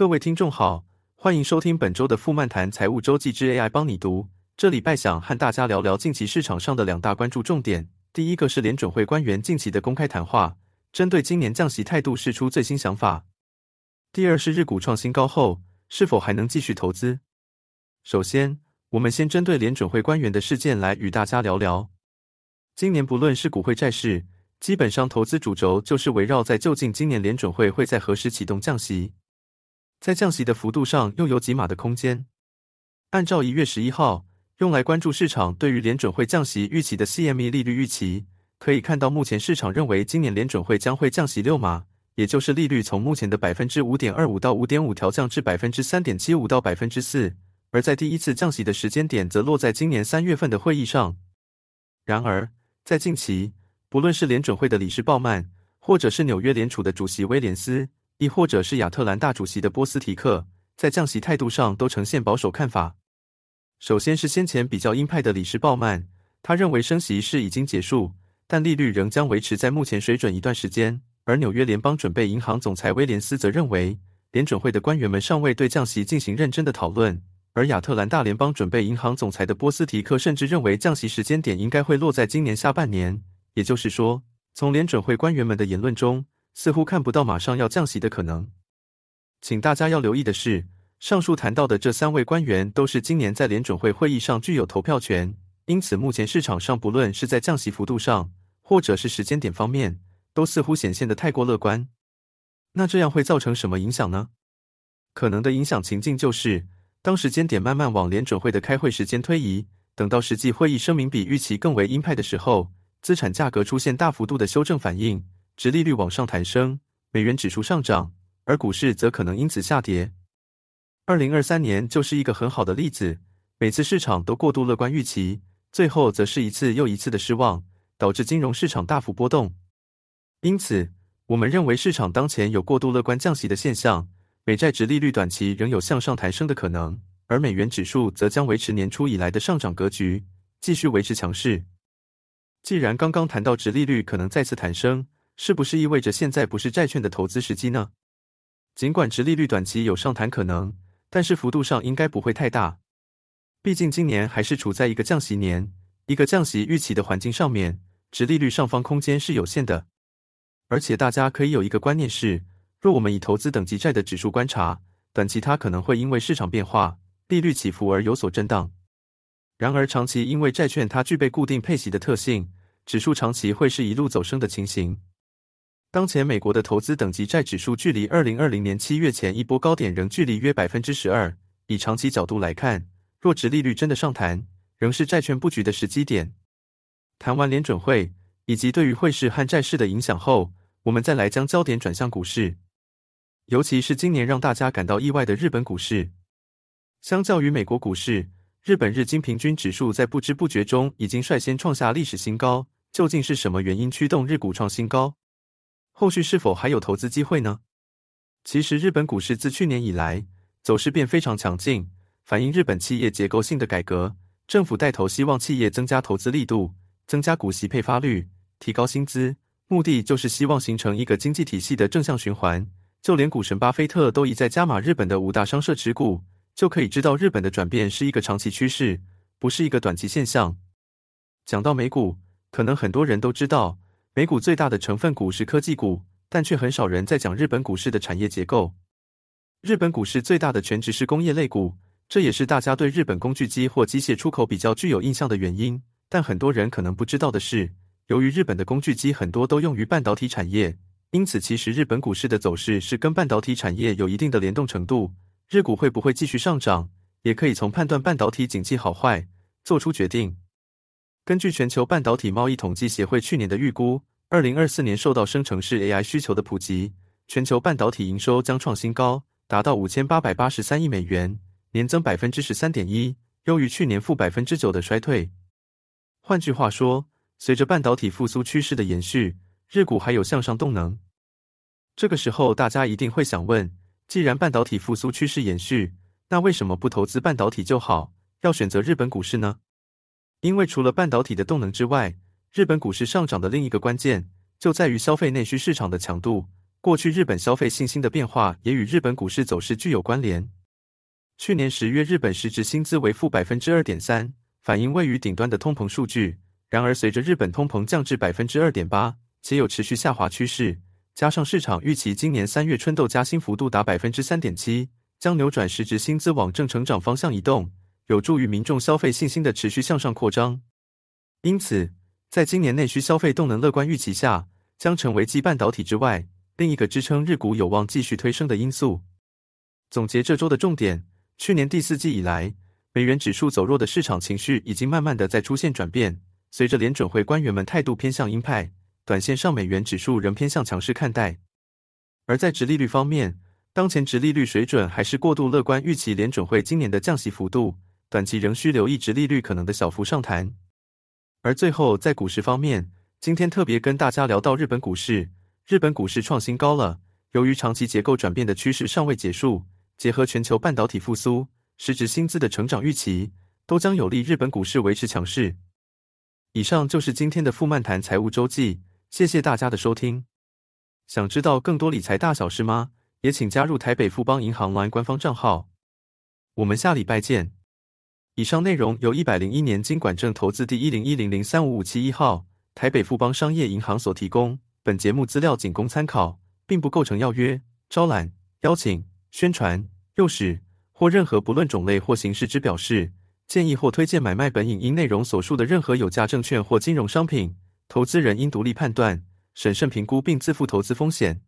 各位聽眾好，歡迎收聽本周的富漫談財務周記之 AI 幫你讀。這禮拜想和大家聊聊近期市場上的兩大關注重點。第一個是聯準會官員近期的公開談話，針對今年降息態度釋出最新想法。第二是日股創新高後，是否還能繼續投資？首先，我們先針對聯準會官員的事件來與大家聊聊。今年不論是股匯債市，基本上投資主軸就是圍繞在究竟今年聯準會會在何時啟動降息。在降息的幅度上又有幾碼的空間。按照一月十一號用來關注市場對於聯準會降息預期的 CME 利率預期，可以看到目前市場認為今年聯準會將會降息六碼，也就是利率從目前的百分之五點二五到五點五調降至百分之三點七五到百分之四。而在第一次降息的時間點則落在今年三月份的會議上。然而，在近期，不論是聯準會的理事鮑曼，或者是紐約聯儲的主席威廉斯，亦或者是亞特蘭大主席的波斯提克，在降息態度上都呈現保守看法。首先是先前比較鷹派的理事鮑曼，他認為升息是已經結束，但利率仍將維持在目前水準一段時間。而紐約聯邦準備銀行總裁威廉斯則認為，聯準會的官員們尚未對降息進行認真的討論。而亞特蘭大聯邦準備銀行總裁的波斯提克甚至認為，降息時間點應該會落在今年下半年。也就是說，從聯準會官員們的言論中，似乎看不到馬上要降息的可能。請大家要留意的是，上述談到的這三位官員都是今年在聯準會會議上具有投票權，因此目前市場上不論是在降息幅度上，或者是時間點方面，都似乎顯現的太過樂觀。那這樣會造成什麼影響呢？可能的影響情境就是，當時間點慢慢往聯準會的開會時間推移，等到實際會議聲明比預期更為鷹派的時候，資產價格出現大幅度的修正反應。殖利率往上抬升，美元指數上漲，而股市則可能因此下跌。二零二三年就是一個很好的例子，每次市場都過度樂觀預期，最後則是一次又一次的失望，導致金融市場大幅波動。因此，我們認為市場當前有過度樂觀降息的現象，美債殖利率短期仍有向上彈升的可能，而美元指數則將維持年初以來的上漲格局，繼續維持強勢。既然剛剛談到殖利率可能再次彈升，是不是意味着現在不是債券的投資時機呢？儘管殖利率短期有上彈可能，但是幅度上應該不會太大。畢竟今年還是處在一個降息年、一個降息預期的環境上面，殖利率上方空間是有限的。而且大家可以有一個觀念是：若我們以投資等級債的指數觀察，短期它可能會因為市場變化、利率起伏而有所震盪；然而長期，因為債券它具備固定配息的特性，指數長期會是一路走升的情形。當前美國的投資等級債指數距離二零二零年七月前一波高點仍距離約百分之十二，以長期角度來看，若殖利率真的上彈，仍是債券佈局的時機點。談完聯準會以及對於匯市和債市的影響後，我們再來將焦點轉向股市，尤其是今年讓大家感到意外的日本股市。相較於美國股市，日本日經平均指數在不知不覺中已經率先創下歷史新高。究竟是什麼原因驅動日股創新高？後續是否還有投資機會呢？其實日本股市自去年以來走勢便非常強勁，反映日本企業結構性的改革，政府帶頭希望企業增加投資力度，增加股息配發率，提高薪資，目的就是希望形成一個經濟體系的正向循環。就連股神巴菲特都一再加碼日本的五大商社持股，就可以知道日本的轉變是一個長期趨勢，不是一個短期現象。講到美股，可能很多人都知道。美股最大的成分股是科技股，但卻很少人在講日本股市的產業結構。日本股市最大的權值是工業類股，這也是大家對日本工具機或機械出口比較具有印象的原因。但很多人可能不知道的是，由於日本的工具機很多都用於半導體產業，因此其實日本股市的走勢是跟半導體產業有一定的聯動程度。日股會不會繼續上漲，也可以從判斷半導體景氣好壞做出決定。根據全球半導體貿易統計協會去年的預估，二零二四年受到生成式 AI 需求的普及，全球半導體營收將創新高，達到五千八百八十三億美元，年增百分之十三點一，優於去年負百分之九的衰退。換句話說，隨着半導體復甦趨勢的延續，日股還有向上動能。這個時候，大家一定會想問：既然半導體復甦趨勢延續，那為什麼不投資半導體就好？要選擇日本股市呢？因為除了半導體的動能之外，日本股市上漲的另一個關鍵就在於消費內需市場的強度。過去日本消費信心的變化也與日本股市走勢具有關聯。去年十月，日本實質薪資為負百分之二點三，反映位於頂端的通膨數據。然而，隨着日本通膨降至百分之二點八，且有持續下滑趨勢，加上市場預期今年三月春鬥加薪幅度達百分之三點七，將扭轉實質薪資往正成長方向移動。有助於民眾消費信心的持續向上擴張，因此，在今年內需消費動能樂觀預期下，將成為繼半導體之外另一個支撐日股有望繼續推升的因素。總結這周的重點：去年第四季以來，美元指數走弱的市場情緒已經慢慢的在出現轉變。隨着聯準會官員們態度偏向鷹派，短線上美元指數仍偏向強勢看待。而在殖利率方面，當前殖利率水準還是過度樂觀預期聯準會今年的降息幅度。短期仍需留意，殖利率可能的小幅上彈。而最後，在股市方面，今天特別跟大家聊到日本股市，日本股市創新高了。由於長期結構轉變的趨勢尚未結束，結合全球半導體復甦、實質薪資的成長預期，都將有利日本股市維持強勢。以上就是今天的富漫談財務週記，謝謝大家的收聽。想知道更多理財大小事嗎？也請加入台北富邦銀行 LINE 官方賬號。我們下禮拜見。以上內容由一百零一年金管證投字第一零一零零三五五七一號台北富邦商業銀行所提供。本節目資料僅供參考，並不構成要約、招攬、邀請、宣傳、誘使或任何不論種類或形式之表示、建議或推薦買賣本影音內容所述的任何有價證券或金融商品。投資人應獨立判斷、審慎評估並自負投資風險。